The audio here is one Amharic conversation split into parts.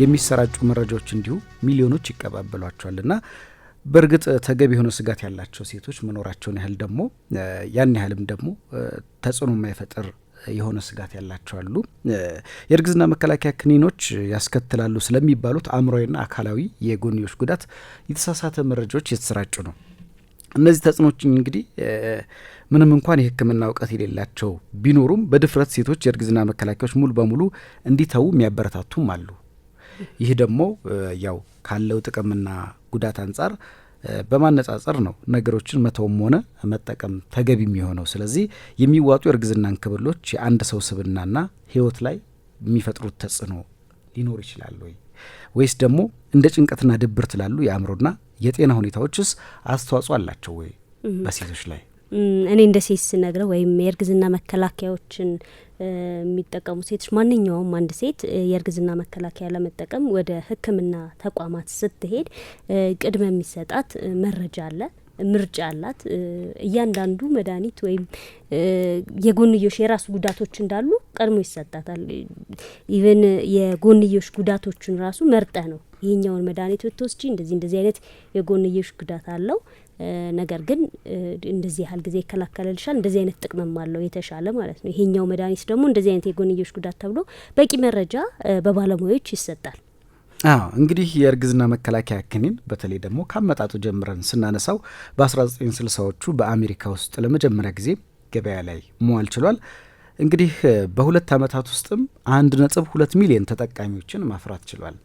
የሚሰራጩ መረጃዎች እንዲሁ ሚሊዮኖች ይቀባበሏቸዋል እና በእርግጥ ተገቢ የሆነ ስጋት ያላቸው ሴቶች መኖራቸውን ያህል ደግሞ ያን ያህልም ደግሞ ተጽዕኖ የማይፈጥር የሆነ ስጋት ያላቸው አሉ። የእርግዝና መከላከያ ክኒኖች ያስከትላሉ ስለሚባሉት አእምሯዊና አካላዊ የጎንዮሽ ጉዳት የተሳሳተ መረጃዎች የተሰራጩ ነው። እነዚህ ተጽዕኖች እንግዲህ ምንም እንኳን የሕክምና እውቀት የሌላቸው ቢኖሩም በድፍረት ሴቶች የእርግዝና መከላከያዎች ሙሉ በሙሉ እንዲተዉ የሚያበረታቱም አሉ። ይህ ደግሞ ያው ካለው ጥቅምና ጉዳት አንጻር በማነጻጸር ነው ነገሮችን መተውም ሆነ መጠቀም ተገቢ የሚሆነው። ስለዚህ የሚዋጡ የእርግዝና እንክብሎች የአንድ ሰው ስብናና ሕይወት ላይ የሚፈጥሩት ተጽዕኖ ሊኖር ይችላል ወይ ወይስ ደግሞ እንደ ጭንቀትና ድብርት ላሉ የአእምሮና የጤና ሁኔታዎችስ አስተዋጽኦ አላቸው ወይ በሴቶች ላይ? እኔ እንደ ሴት ስነግረው ወይም የእርግዝና መከላከያዎችን የሚጠቀሙ ሴቶች ማንኛውም አንድ ሴት የእርግዝና መከላከያ ለመጠቀም ወደ ሕክምና ተቋማት ስትሄድ ቅድመ የሚሰጣት መረጃ አለ፣ ምርጫ አላት። እያንዳንዱ መድኃኒት ወይም የጎንዮሽ የራሱ ጉዳቶች እንዳሉ ቀድሞ ይሰጣታል። ኢቨን የጎንዮሽ ጉዳቶቹን ራሱ መርጠ ነው ይሄኛውን መድኃኒት ብትወስጂ እንደዚህ እንደዚህ አይነት የጎንዮሽ ጉዳት አለው ነገር ግን እንደዚህ ያህል ጊዜ ይከላከልልሻል፣ እንደዚህ አይነት ጥቅምም አለው የተሻለ ማለት ነው። ይሄኛው መድኃኒት ደግሞ እንደዚህ አይነት የጎንዮሽ ጉዳት ተብሎ በቂ መረጃ በባለሙያዎች ይሰጣል። አዎ እንግዲህ የእርግዝና መከላከያ ክኒን በተለይ ደግሞ ከአመጣጡ ጀምረን ስናነሳው በ1960ዎቹ በአሜሪካ ውስጥ ለመጀመሪያ ጊዜ ገበያ ላይ መዋል ችሏል። እንግዲህ በሁለት ዓመታት ውስጥም አንድ ነጥብ ሁለት ሚሊዮን ተጠቃሚዎችን ማፍራት ችሏል።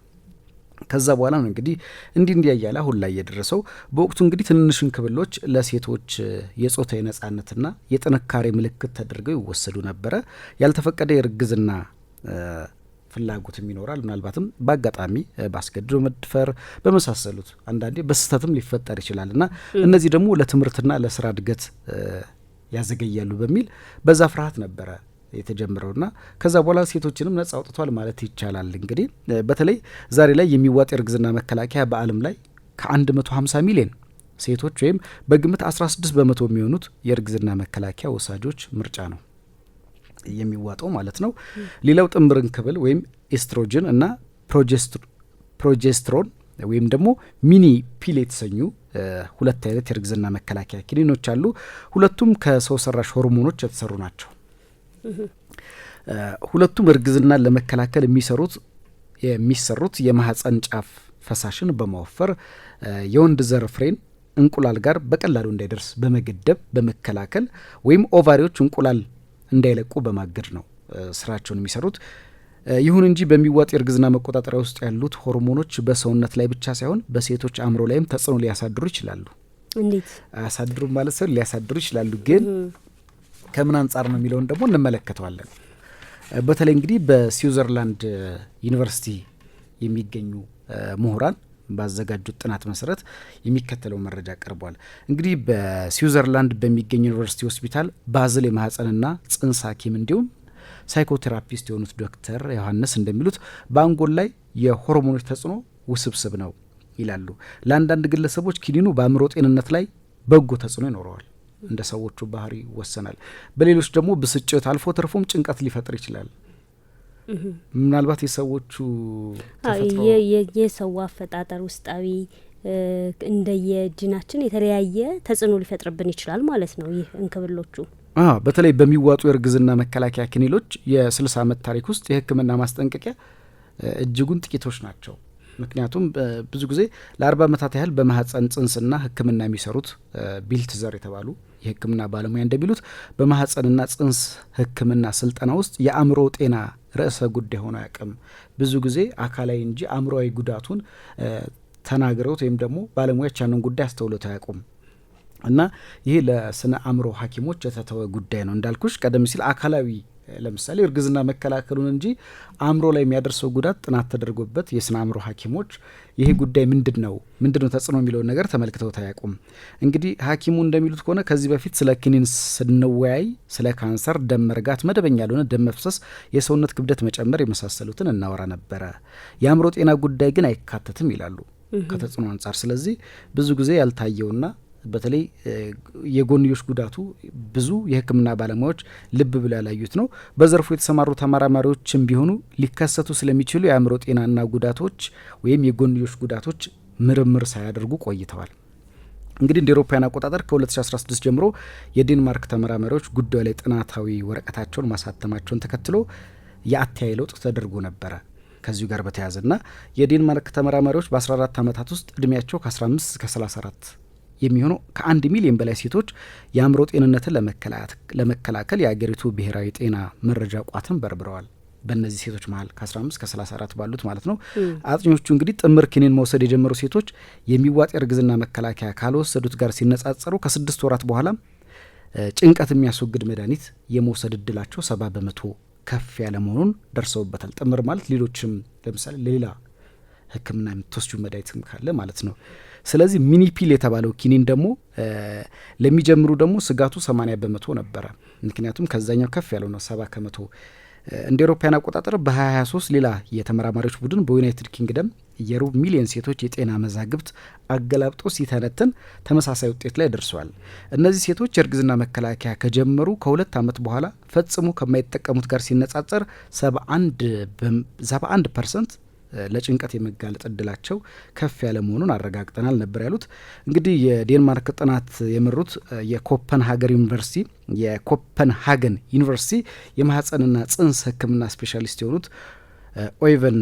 ከዛ በኋላ ነው እንግዲህ እንዲህ እንዲያ እያለ አሁን ላይ የደረሰው። በወቅቱ እንግዲህ ትንንሽ እንክብሎች ለሴቶች የጾታ የነጻነትና የጥንካሬ ምልክት ተደርገው ይወሰዱ ነበረ። ያልተፈቀደ የእርግዝና ፍላጎትም ይኖራል። ምናልባትም በአጋጣሚ በአስገድዶ መድፈር በመሳሰሉት አንዳንዴ በስህተትም ሊፈጠር ይችላል እና እነዚህ ደግሞ ለትምህርትና ለስራ እድገት ያዘገያሉ በሚል በዛ ፍርሃት ነበረ የተጀመረው ና ከዛ በኋላ ሴቶችንም ነጻ አውጥቷል ማለት ይቻላል። እንግዲህ በተለይ ዛሬ ላይ የሚዋጥ የእርግዝና መከላከያ በዓለም ላይ ከ150 ሚሊዮን ሴቶች ወይም በግምት 16 በመቶ የሚሆኑት የእርግዝና መከላከያ ወሳጆች ምርጫ ነው የሚዋጠው ማለት ነው። ሌላው ጥምር እንክብል ወይም ኤስትሮጅን እና ፕሮጀስትሮን ወይም ደግሞ ሚኒ ፒል የተሰኙ ሁለት አይነት የእርግዝና መከላከያ ኪኒኖች አሉ። ሁለቱም ከሰው ሰራሽ ሆርሞኖች የተሰሩ ናቸው። ሁለቱም እርግዝናን ለመከላከል የሚሰሩት የሚሰሩት የማህፀን ጫፍ ፈሳሽን በማወፈር የወንድ ዘር ፍሬን እንቁላል ጋር በቀላሉ እንዳይደርስ በመገደብ በመከላከል ወይም ኦቫሪዎች እንቁላል እንዳይለቁ በማገድ ነው ስራቸውን የሚሰሩት። ይሁን እንጂ በሚዋጥ የእርግዝና መቆጣጠሪያ ውስጥ ያሉት ሆርሞኖች በሰውነት ላይ ብቻ ሳይሆን በሴቶች አእምሮ ላይም ተጽዕኖ ሊያሳድሩ ይችላሉ። እንዴት አያሳድሩም ማለት ሰው ሊያሳድሩ ይችላሉ ግን ከምን አንጻር ነው የሚለውን ደግሞ እንመለከተዋለን። በተለይ እንግዲህ በስዊዘርላንድ ዩኒቨርሲቲ የሚገኙ ምሁራን ባዘጋጁት ጥናት መሰረት የሚከተለው መረጃ ቀርቧል። እንግዲህ በስዊዘርላንድ በሚገኝ ዩኒቨርሲቲ ሆስፒታል ባዝል የማህፀንና ጽንስ ሐኪም እንዲሁም ሳይኮቴራፒስት የሆኑት ዶክተር ዮሐንስ እንደሚሉት በአንጎል ላይ የሆርሞኖች ተጽዕኖ ውስብስብ ነው ይላሉ። ለአንዳንድ ግለሰቦች ኪኒኑ በአእምሮ ጤንነት ላይ በጎ ተጽዕኖ ይኖረዋል። እንደ ሰዎቹ ባህሪ ይወሰናል። በሌሎች ደግሞ ብስጭት አልፎ ተርፎም ጭንቀት ሊፈጥር ይችላል። ምናልባት የሰዎቹ የሰው አፈጣጠር ውስጣዊ እንደየጅናችን የተለያየ ተጽዕኖ ሊፈጥርብን ይችላል ማለት ነው። ይህ እንክብሎቹ በተለይ በሚዋጡ የእርግዝና መከላከያ ክኒሎች የስልሳ ዓመት ታሪክ ውስጥ የሕክምና ማስጠንቀቂያ እጅጉን ጥቂቶች ናቸው። ምክንያቱም ብዙ ጊዜ ለአርባ ዓመታት ያህል በማህፀን ጽንስና ሕክምና የሚሰሩት ቢልት ዘር የተባሉ የህክምና ባለሙያ እንደሚሉት በማህፀንና ጽንስ ህክምና ስልጠና ውስጥ የአእምሮ ጤና ርዕሰ ጉዳይ ሆኖ አያውቅም። ብዙ ጊዜ አካላዊ እንጂ አእምሮዊ ጉዳቱን ተናግረውት ወይም ደግሞ ባለሙያዎች ያንን ጉዳይ አስተውሎት አያውቁም። እና ይህ ለስነ አእምሮ ሐኪሞች የተተወ ጉዳይ ነው። እንዳልኩሽ ቀደም ሲል አካላዊ ለምሳሌ እርግዝና መከላከሉን እንጂ አእምሮ ላይ የሚያደርሰው ጉዳት ጥናት ተደርጎበት የስነ አእምሮ ሐኪሞች ይሄ ጉዳይ ምንድን ነው ምንድን ነው ተጽዕኖ የሚለውን ነገር ተመልክተው ታያቁም። እንግዲህ ሐኪሙ እንደሚሉት ከሆነ ከዚህ በፊት ስለ ክኒን ስንወያይ ስለ ካንሰር፣ ደም መርጋት፣ መደበኛ ያልሆነ ደም መፍሰስ፣ የሰውነት ክብደት መጨመር የመሳሰሉትን እናወራ ነበረ። የአእምሮ ጤና ጉዳይ ግን አይካተትም ይላሉ ከተጽዕኖ አንጻር። ስለዚህ ብዙ ጊዜ ያልታየውና በተለይ የጎንዮሽ ጉዳቱ ብዙ የሕክምና ባለሙያዎች ልብ ብለው ያላዩት ነው። በዘርፉ የተሰማሩ ተመራማሪዎችም ቢሆኑ ሊከሰቱ ስለሚችሉ የአእምሮ ጤናና ጉዳቶች ወይም የጎንዮሽ ጉዳቶች ምርምር ሳያደርጉ ቆይተዋል። እንግዲህ እንደ ኤሮፓያን አቆጣጠር ከ2016 ጀምሮ የዴንማርክ ተመራማሪዎች ጉዳዩ ላይ ጥናታዊ ወረቀታቸውን ማሳተማቸውን ተከትሎ የአተያይ ለውጥ ተደርጎ ነበረ። ከዚሁ ጋር በተያያዘና ና የዴንማርክ ተመራማሪዎች በ14 ዓመታት ውስጥ እድሜያቸው ከ15 እስከ 34 የሚሆኑ ከአንድ ሚሊዮን በላይ ሴቶች የአእምሮ ጤንነትን ለመከላከል የአገሪቱ ብሔራዊ ጤና መረጃ ቋትን በርብረዋል። በእነዚህ ሴቶች መሀል ከ15 ከ34 ባሉት ማለት ነው። አጥኚዎቹ እንግዲህ ጥምር ኪኒን መውሰድ የጀመሩ ሴቶች የሚዋጥ የእርግዝና መከላከያ ካልወሰዱት ጋር ሲነጻጸሩ ከስድስት ወራት በኋላ ጭንቀት የሚያስወግድ መድኃኒት የመውሰድ እድላቸው ሰባ በመቶ ከፍ ያለ መሆኑን ደርሰውበታል። ጥምር ማለት ሌሎችም ለምሳሌ ለሌላ ሕክምና የምትወስጁ መድኃኒትም ካለ ማለት ነው። ስለዚህ ሚኒፒል የተባለው ኪኒን ደግሞ ለሚጀምሩ ደግሞ ስጋቱ 80 በመቶ ነበረ። ምክንያቱም ከዛኛው ከፍ ያለው ነው 70 ከመቶ። እንደ ኤሮፓያን አቆጣጠር በ2023 ሌላ የተመራማሪዎች ቡድን በዩናይትድ ኪንግደም የሩብ ሚሊዮን ሴቶች የጤና መዛግብት አገላብጦ ሲተነትን ተመሳሳይ ውጤት ላይ ደርሷል። እነዚህ ሴቶች የእርግዝና መከላከያ ከጀመሩ ከሁለት ዓመት በኋላ ፈጽሞ ከማይጠቀሙት ጋር ሲነጻጸር 71 ፐርሰንት ለጭንቀት የመጋለጥ እድላቸው ከፍ ያለ መሆኑን አረጋግጠናል ነበር ያሉት። እንግዲህ የዴንማርክ ጥናት የመሩት የኮፐንሃገር ዩኒቨርሲቲ የኮፐንሃገን ዩኒቨርሲቲ የማህፀንና ጽንስ ሕክምና ስፔሻሊስት የሆኑት ኦይቨን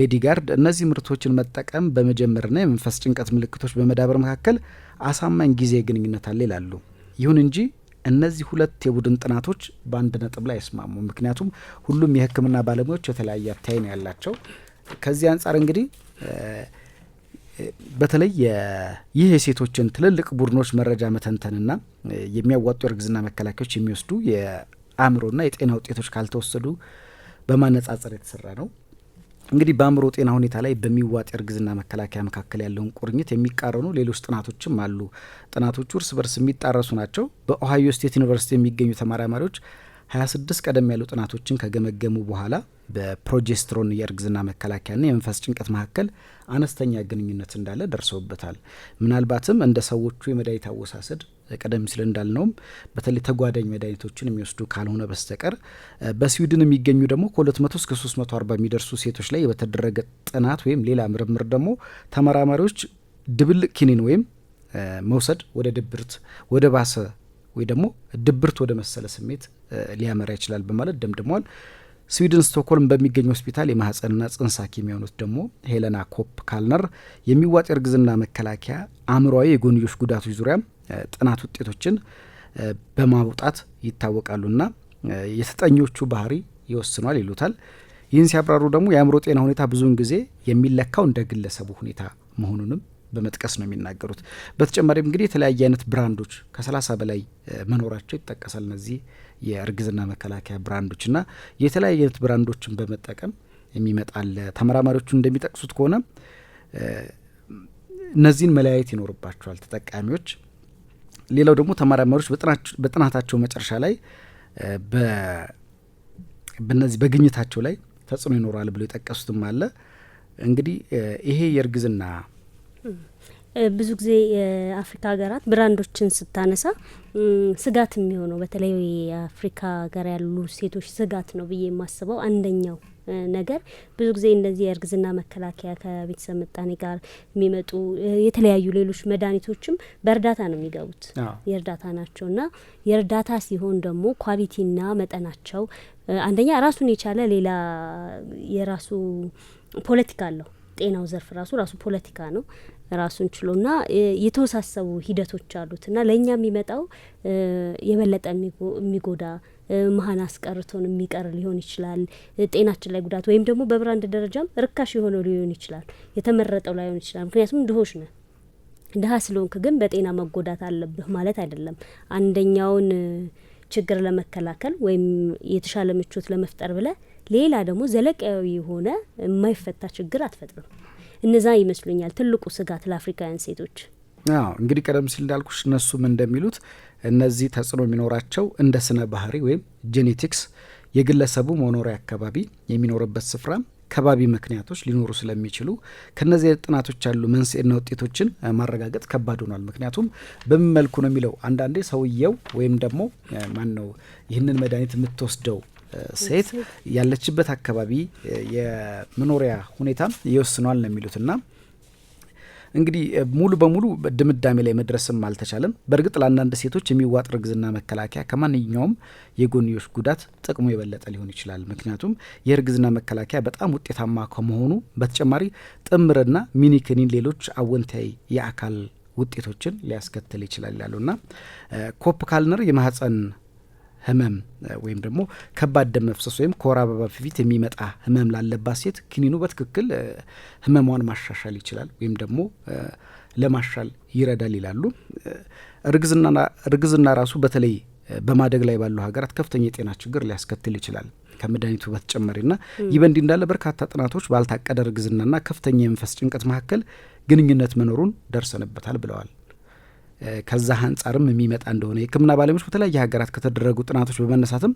ሌዲጋርድ እነዚህ ምርቶችን መጠቀም በመጀመርና የመንፈስ ጭንቀት ምልክቶች በመዳበር መካከል አሳማኝ ጊዜ ግንኙነት አለ ይላሉ። ይሁን እንጂ እነዚህ ሁለት የቡድን ጥናቶች በአንድ ነጥብ ላይ አይስማሙ። ምክንያቱም ሁሉም የህክምና ባለሙያዎች የተለያየ አታይ ነው ያላቸው። ከዚህ አንጻር እንግዲህ በተለይ ይህ የሴቶችን ትልልቅ ቡድኖች መረጃ መተንተንና የሚያዋጡ የእርግዝና መከላከያዎች የሚወስዱ የአእምሮና የጤና ውጤቶች ካልተወሰዱ በማነጻጸር የተሰራ ነው። እንግዲህ በአእምሮ ጤና ሁኔታ ላይ በሚዋጥ የእርግዝና መከላከያ መካከል ያለውን ቁርኝት የሚቃረኑ ሌሎች ጥናቶችም አሉ። ጥናቶቹ እርስ በርስ የሚጣረሱ ናቸው። በኦሃዮ ስቴት ዩኒቨርሲቲ የሚገኙ ተመራማሪዎች 26 ቀደም ያሉ ጥናቶችን ከገመገሙ በኋላ በፕሮጀስትሮን የእርግዝና መከላከያና የመንፈስ ጭንቀት መካከል አነስተኛ ግንኙነት እንዳለ ደርሰውበታል። ምናልባትም እንደ ሰዎቹ የመድኃኒት አወሳሰድ ቀደም ሲል እንዳልነውም በተለይ ተጓዳኝ መድኃኒቶችን የሚወስዱ ካልሆነ በስተቀር በስዊድን የሚገኙ ደግሞ ከ200 እስከ 340 የሚደርሱ ሴቶች ላይ በተደረገ ጥናት ወይም ሌላ ምርምር ደግሞ ተመራማሪዎች ድብልቅ ኪኒን ወይም መውሰድ ወደ ድብርት ወደ ባሰ ወይ ደግሞ ድብርት ወደ መሰለ ስሜት ሊያመራ ይችላል በማለት ደምድመዋል። ስዊድን ስቶክሆልም በሚገኝ ሆስፒታል የማህፀንና ጽንስ ሐኪም የሆኑት ደግሞ ሄለና ኮፕ ካልነር የሚዋጥ እርግዝና መከላከያ አእምሯዊ የጎንዮሽ ጉዳቶች ዙሪያ ጥናት ውጤቶችን በማውጣት ይታወቃሉና የተጠኞቹ ባህሪ ይወስኗል ይሉታል። ይህን ሲያብራሩ ደግሞ የአእምሮ ጤና ሁኔታ ብዙውን ጊዜ የሚለካው እንደ ግለሰቡ ሁኔታ መሆኑንም በመጥቀስ ነው የሚናገሩት። በተጨማሪም እንግዲህ የተለያየ አይነት ብራንዶች ከሰላሳ በላይ መኖራቸው ይጠቀሳል። እነዚህ የእርግዝና መከላከያ ብራንዶች እና የተለያየ አይነት ብራንዶችን በመጠቀም የሚመጣለ ተመራማሪዎቹ እንደሚጠቅሱት ከሆነ እነዚህን መለያየት ይኖርባቸዋል ተጠቃሚዎች። ሌላው ደግሞ ተመራማሪዎች በጥናታቸው መጨረሻ ላይ በነዚህ በግኝታቸው ላይ ተጽዕኖ ይኖራል ብሎ የጠቀሱትም አለ። እንግዲህ ይሄ የእርግዝና ብዙ ጊዜ የአፍሪካ ሀገራት ብራንዶችን ስታነሳ ስጋት የሚሆነው በተለይ የአፍሪካ ሀገር ያሉ ሴቶች ስጋት ነው ብዬ የማስበው አንደኛው ነገር ብዙ ጊዜ እንደዚህ የእርግዝና መከላከያ ከቤተሰብ ምጣኔ ጋር የሚመጡ የተለያዩ ሌሎች መድኃኒቶችም በእርዳታ ነው የሚገቡት፣ የእርዳታ ናቸው እና የእርዳታ ሲሆን ደግሞ ኳሊቲና መጠናቸው አንደኛ ራሱን የቻለ ሌላ የራሱ ፖለቲካ አለው ጤናው ዘርፍ ራሱ ራሱ ፖለቲካ ነው ራሱን ችሎና የተወሳሰቡ ሂደቶች አሉት እና ለእኛ የሚመጣው የበለጠ የሚጎዳ መሀን አስቀርቶን የሚቀር ሊሆን ይችላል። ጤናችን ላይ ጉዳት ወይም ደግሞ በብራንድ ደረጃም ርካሽ የሆነው ሊሆን ይችላል፣ የተመረጠው ላይሆን ይችላል። ምክንያቱም ድሆች ነን። ድሀ ስለሆንክ ግን በጤና መጎዳት አለብህ ማለት አይደለም። አንደኛውን ችግር ለመከላከል ወይም የተሻለ ምቾት ለመፍጠር ብለህ ሌላ ደግሞ ዘለቀያዊ የሆነ የማይፈታ ችግር አትፈጥርም። እነዛ ይመስሉኛል ትልቁ ስጋት ለአፍሪካውያን ሴቶች። አዎ እንግዲህ ቀደም ሲል እንዳልኩሽ እነሱም እንደሚሉት እነዚህ ተጽዕኖ የሚኖራቸው እንደ ስነ ባህሪ ወይም ጄኔቲክስ፣ የግለሰቡ መኖሪያ አካባቢ፣ የሚኖርበት ስፍራ፣ ከባቢ ምክንያቶች ሊኖሩ ስለሚችሉ ከነዚህ ጥናቶች ያሉ መንስኤና ውጤቶችን ማረጋገጥ ከባድ ሆኗል። ምክንያቱም በምን መልኩ ነው የሚለው አንዳንዴ ሰውየው ወይም ደግሞ ማን ነው ይህንን መድኃኒት የምትወስደው ሴት ያለችበት አካባቢ የመኖሪያ ሁኔታ ይወስኗል ነው የሚሉትና እንግዲህ ሙሉ በሙሉ ድምዳሜ ላይ መድረስም አልተቻለም። በእርግጥ ለአንዳንድ ሴቶች የሚዋጥ እርግዝና መከላከያ ከማንኛውም የጎንዮሽ ጉዳት ጥቅሙ የበለጠ ሊሆን ይችላል። ምክንያቱም የእርግዝና መከላከያ በጣም ውጤታማ ከመሆኑ በተጨማሪ ጥምርና ሚኒክኒን ሌሎች አወንታዊ የአካል ውጤቶችን ሊያስከትል ይችላል ያሉና ኮፕ ካልነር የማህፀን ህመም ወይም ደግሞ ከባድ ደም መፍሰስ ወይም ከወር አበባ በፊት የሚመጣ ህመም ላለባት ሴት ክኒኑ በትክክል ህመሟን ማሻሻል ይችላል ወይም ደግሞ ለማሻል ይረዳል ይላሉ። እርግዝና ራሱ በተለይ በማደግ ላይ ባሉ ሀገራት ከፍተኛ የጤና ችግር ሊያስከትል ይችላል። ከመድኃኒቱ በተጨማሪና ይህ በእንዲህ እንዳለ በርካታ ጥናቶች ባልታቀደ እርግዝናና ከፍተኛ የመንፈስ ጭንቀት መካከል ግንኙነት መኖሩን ደርሰንበታል ብለዋል። ከዛ አንጻርም የሚመጣ እንደሆነ የሕክምና ባለሙያዎች በተለያየ ሀገራት ከተደረጉ ጥናቶች በመነሳትም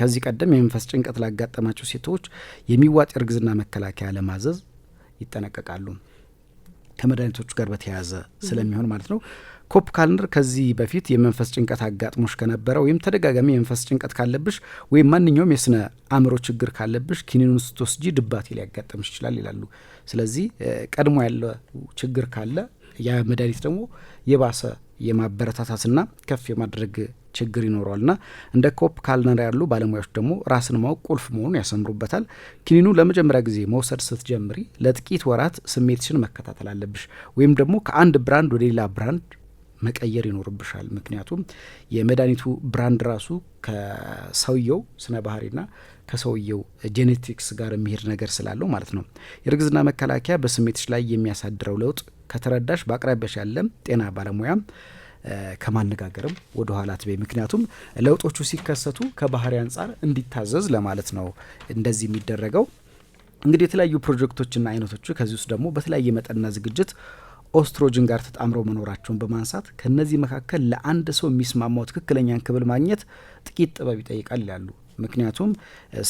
ከዚህ ቀደም የመንፈስ ጭንቀት ላጋጠማቸው ሴቶች የሚዋጥ እርግዝና መከላከያ ለማዘዝ ይጠነቀቃሉ ከመድኃኒቶቹ ጋር በተያያዘ ስለሚሆን ማለት ነው። ኮፕ ካልንደር ከዚህ በፊት የመንፈስ ጭንቀት አጋጥሞሽ ከነበረ ወይም ተደጋጋሚ የመንፈስ ጭንቀት ካለብሽ ወይም ማንኛውም የስነ አእምሮ ችግር ካለብሽ ኪኒኑን ስትወስጂ ድባቴ ሊያጋጥምሽ ይችላል ይላሉ። ስለዚህ ቀድሞ ያለ ችግር ካለ ያ መድኃኒት ደግሞ የባሰ የማበረታታትና ከፍ የማድረግ ችግር ይኖረዋልና እንደ ኮፕ ካልነር ያሉ ባለሙያዎች ደግሞ ራስን ማወቅ ቁልፍ መሆኑን ያሰምሩበታል። ኪኒኑ ለመጀመሪያ ጊዜ መውሰድ ስትጀምሪ ለጥቂት ወራት ስሜትሽን መከታተል አለብሽ፣ ወይም ደግሞ ከአንድ ብራንድ ወደ ሌላ ብራንድ መቀየር ይኖርብሻል። ምክንያቱም የመድኃኒቱ ብራንድ ራሱ ከሰውየው ስነ ባህሪና ከሰውየው ጄኔቲክስ ጋር የሚሄድ ነገር ስላለው ማለት ነው። የእርግዝና መከላከያ በስሜትሽ ላይ የሚያሳድረው ለውጥ ከተረዳሽ በአቅራቢያሽ ያለ ጤና ባለሙያ ከማነጋገርም ወደ ኋላ ትቤ። ምክንያቱም ለውጦቹ ሲከሰቱ ከባህሪ አንጻር እንዲታዘዝ ለማለት ነው እንደዚህ የሚደረገው። እንግዲህ የተለያዩ ፕሮጀክቶችና አይነቶቹ ከዚህ ውስጥ ደግሞ በተለያየ መጠንና ዝግጅት ኦስትሮጅን ጋር ተጣምረው መኖራቸውን በማንሳት ከእነዚህ መካከል ለአንድ ሰው የሚስማማው ትክክለኛን ክብል ማግኘት ጥቂት ጥበብ ይጠይቃል ያሉ ምክንያቱም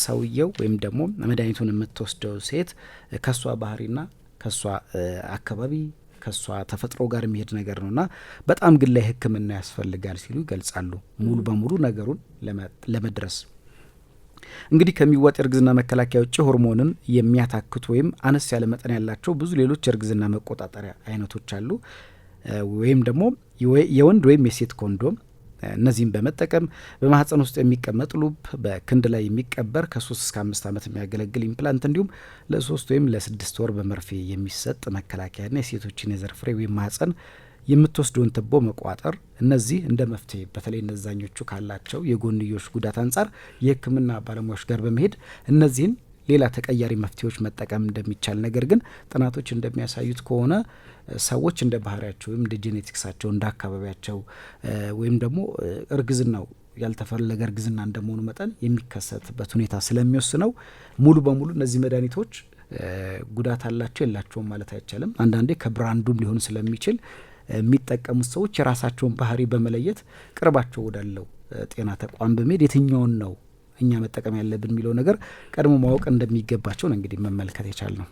ሰውየው ወይም ደግሞ መድኃኒቱን የምትወስደው ሴት ከሷ ባህሪና ከሷ አካባቢ ከእሷ ተፈጥሮ ጋር የሚሄድ ነገር ነው በጣም ግን ላይ ሕክምና ያስፈልጋል ሲሉ ይገልጻሉ። ሙሉ በሙሉ ነገሩን ለመድረስ እንግዲህ ከሚወጥ የእርግዝና መከላከያ ውጭ ሆርሞንን የሚያታክቱ ወይም አነስ ያለ መጠን ያላቸው ብዙ ሌሎች የእርግዝና መቆጣጠሪያ አይነቶች አሉ። ወይም ደግሞ የወንድ ወይም የሴት ኮንዶም እነዚህም በመጠቀም በማህፀን ውስጥ የሚቀመጥ ሉፕ፣ በክንድ ላይ የሚቀበር ከሶስት እስከ አምስት ዓመት የሚያገለግል ኢምፕላንት እንዲሁም ለሶስት ወይም ለስድስት ወር በመርፌ የሚሰጥ መከላከያና የሴቶችን የዘር ፍሬ ወይም ማህፀን የምትወስደውን ትቦ መቋጠር፣ እነዚህ እንደ መፍትሄ በተለይ እነዛኞቹ ካላቸው የጎንዮሽ ጉዳት አንጻር የህክምና ባለሙያዎች ጋር በመሄድ እነዚህን ሌላ ተቀያሪ መፍትሄዎች መጠቀም እንደሚቻል ነገር ግን ጥናቶች እንደሚያሳዩት ከሆነ ሰዎች እንደ ባህሪያቸው ወይም እንደ ጄኔቲክሳቸው እንደ አካባቢያቸው ወይም ደግሞ እርግዝናው ያልተፈለገ እርግዝና እንደመሆኑ መጠን የሚከሰትበት ሁኔታ ስለሚወስነው ሙሉ በሙሉ እነዚህ መድኃኒቶች ጉዳት አላቸው የላቸውም ማለት አይቻልም። አንዳንዴ ከብራንዱም ሊሆን ስለሚችል የሚጠቀሙት ሰዎች የራሳቸውን ባህሪ በመለየት ቅርባቸው ወዳለው ጤና ተቋም በመሄድ የትኛውን ነው እኛ መጠቀም ያለብን የሚለው ነገር ቀድሞ ማወቅ እንደሚገባቸው ነው እንግዲህ መመልከት የቻል ነው።